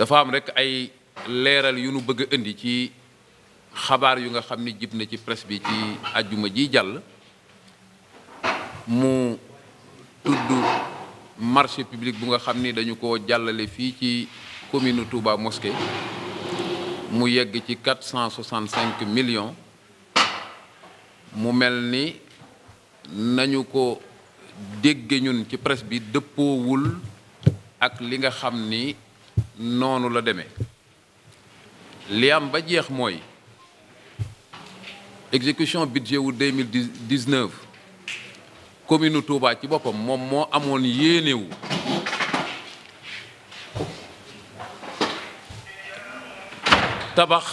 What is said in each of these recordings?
dafa am rek ay leeral yu nu bëgg indi ci xabaar yu nga xam ni jib na ci presse bi ci àjjuma ji jàll mu tudd marché public bu nga xam ni dañu ko jàllale fii ci commune Touba Mosquée mu yegg ci 465 millions mu mel ni nañu ko dégge ñun ci presse bi dëppoowul ak li nga xam ni noonu la deme li am ba jeex mooy exécution budget wu 2019 commune Touba ci boppam moom moo amoon yéenewu tabax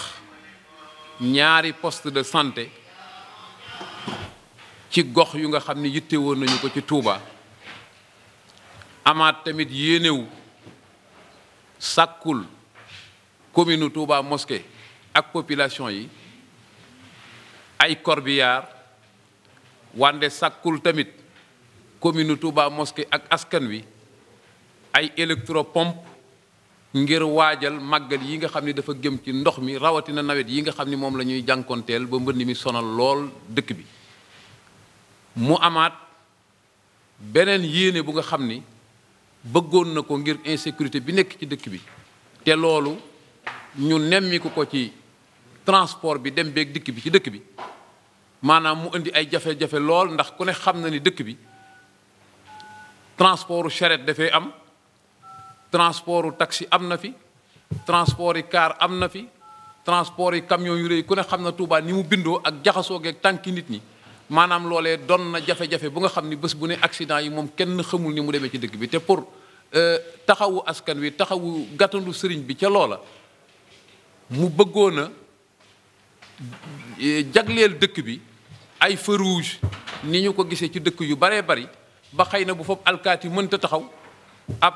ñaari poste de santé ci gox yu nga xam ni yitte nañu ko ci Touba amaat tamit yéenewu sàkkul commune tuuba moske ak population yi ay corbillard wande sàkkul tamit commune Touba moske ak askan wi ay électropompe ngir waajal màggal yi nga xam ni dafa gëm ci ndox mi rawatina nawet yi nga xam ni moom lañuy ñuy ba mbënd mi sonal lool dëkk bi mu amaat beneen yéene bu nga xam ni bëggoon na ko ngir insécurité bi nekk ci dëkk bi te loolu ñu nemmiku ko ci transport bi dem beeg dikk bi ci dëkk bi maanaam mu indi ay jafe-jafe lool ndax ku xam na ni dëkk bi transportu charrette dafay am transportu taxi am na fi transport yi car am na fi transport yi camion yu rëy ku ne xam na Touba ni mu bindoo ak jaxasoo geeg tànki nit ñi maanaam loolee doon na jafe-jafe bu nga xam ni bés bu ne accident yi moom kenn xamul ni mu demee ci dëkk bi te pour Euh, taxawu askan wi taxawu gàttandu sëriñ bi ca loola mu bëggoon a jagleel dëkk bi ay feu rouge ni ñu ko gisee ci dëkk yu baree bari ba xëy na bu foofu alkaati mënta taxaw ab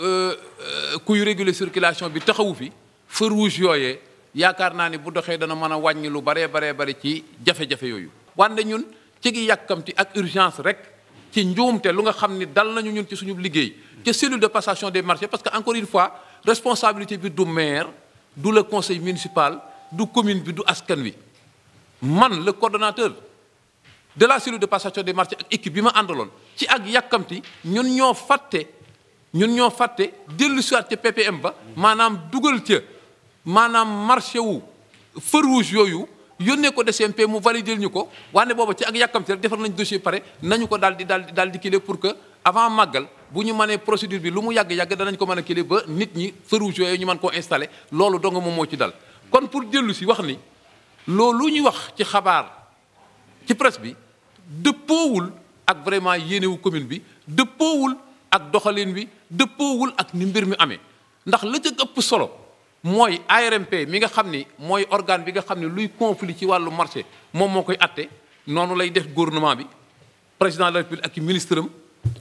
euh, euh, kuy réguler circulation bi taxawu fi feu rouge yooyee yaakaar naa ni bu doxee dana mën a wàññi lu baree baree bari ci jafe-jafe yooyu wante ñun ci gi yàkkamti ak urgence rek ci njuumte lu nga xam ni dal nañu ñun ci suñu liggéey ca cellule de passation des marchés parce que encore une fois responsabilité bi du maire du le conseil municipal du commune bi du askan wi man le coordonnateur de la cellule de passation de marchés ak équipe bi ma àndaloon ci ak yàkkamti ñun ñoo fàtte ñun ñoo fàtte dellu siwaat ca PPM ba maanaam dugal ca maanaam marché wu feu yooyu yónnee ko DCMP mu validé ñu ko waane booba ci ak yàkkamti rek defar nañ dossier pare nañu ko daal di daal di daal di kile pour que avant màggal bu ñu mënee procédure bi lu mu yàgg-yàgg danañ ko mën a kile ba nit ñi feu rouge yooyu ñu mën koo installé loolu dong moom moo dal kon pour dellu si wax ni loolu ñuy wax ci xabaar ci presse bi dëppoowul ak vraiment yéenewu commune bi dëppoowul ak doxalin bi dëppoowul ak ni mbir mi amee ndax la ca ëpp solo mooy ARMP mi nga xam ni mooy organe bi nga xam ne luy conflit ci wàllu marché moom moo koy atte noonu lay def gouvernement bi président de la république ak ministre am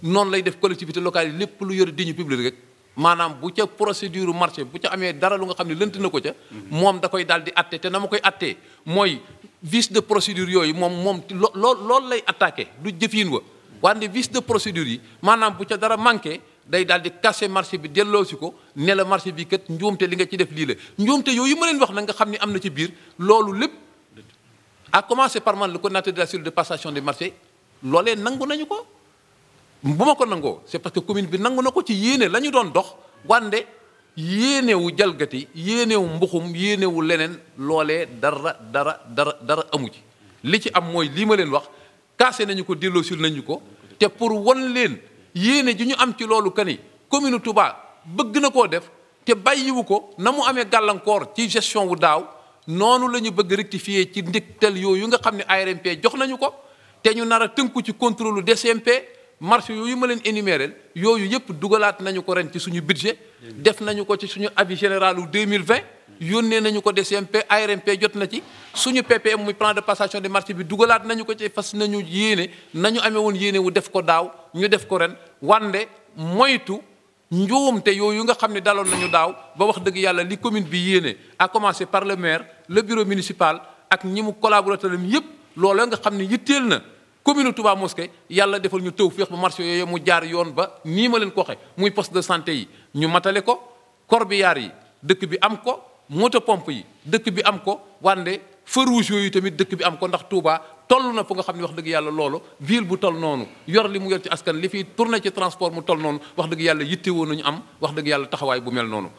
noonu lay def collectivité locale yi lépp lu yore diñu publique rek maanaam bu ca procédure marché bu ca amee dara lu nga xam ne lënt na ko ca moom da koy daal di atte te na ma koy attee mooy vise de procédure yooyu moom moom loo lool lay attaqué du jëfiin wa wante vice de procédure yi maanaam bu ca dara manqué day daal di casser marché bi delloosi ko ne la marché bi kat njuumte li nga ci def lii la njuumte yooyu ma leen wax na nga xam ni am na ci biir loolu lépp à commencer par man le coordinateur de la cellule de passation des marchés nañu ko bu ma ko nangoo c'est parce que commune bi nangu na ko ci yéene la ñu doon dox wande yéenewu jalgati yéenewu mbuxum yéenewu leneen loolee dara dara dara dara amu ci li ci am mooy lii ma leen wax kaase nañu ko delloosil nañu ko te pour won leen yéene ju ñu am ci loolu que ni commune Touba bëgg na koo def te bàyyiwu ko na mu amee gàllankoor ci gestion wu daaw noonu la ñu bëgg rectifier ci ndiktal yooyu nga xam ne ARMP jox nañu ko te ñu nar a tënku ci contrôle DCMP marché yooyu ma leen énumérer yooyu yëpp dugalaat nañu ko ren ci suñu budget def nañu ko ci suñu avis général wu 2020 yónnee nañu ko DCMP ARMP jot na ci suñu PPM muy plan de passation de marché bi dugalaat nañu ko ci fas nañu yéene nañu amee yéene wu def ko daaw ñu def ko ren wande moytu te yooyu nga xam ne daloon nañu daaw ba wax dëgg yàlla li commune bi yéene a commencé par le maire le bureau municipal ak ñi mu collaborateur am yépp loola nga xam ne yitteel na commune Touba Mosquée yàlla defal ñu tawfeex ba marché yooyu mu jaar yoon ba nii ma leen ko waxee muy poste de santé yi ñu matale ko corbillard yi dëkk bi am ko moto pompe yi dëkk bi am ko wande feu rouge yooyu tamit dëkk bi am ko ndax Touba toll na fu nga xam ne wax dëgg yàlla loolu ville bu tol noonu yor li mu yor ci askan li fiy tourné ci transport mu tol noonu wax dëgg yàlla yittewoo nañu am wax dëgg yàlla taxawaay bu mel noonu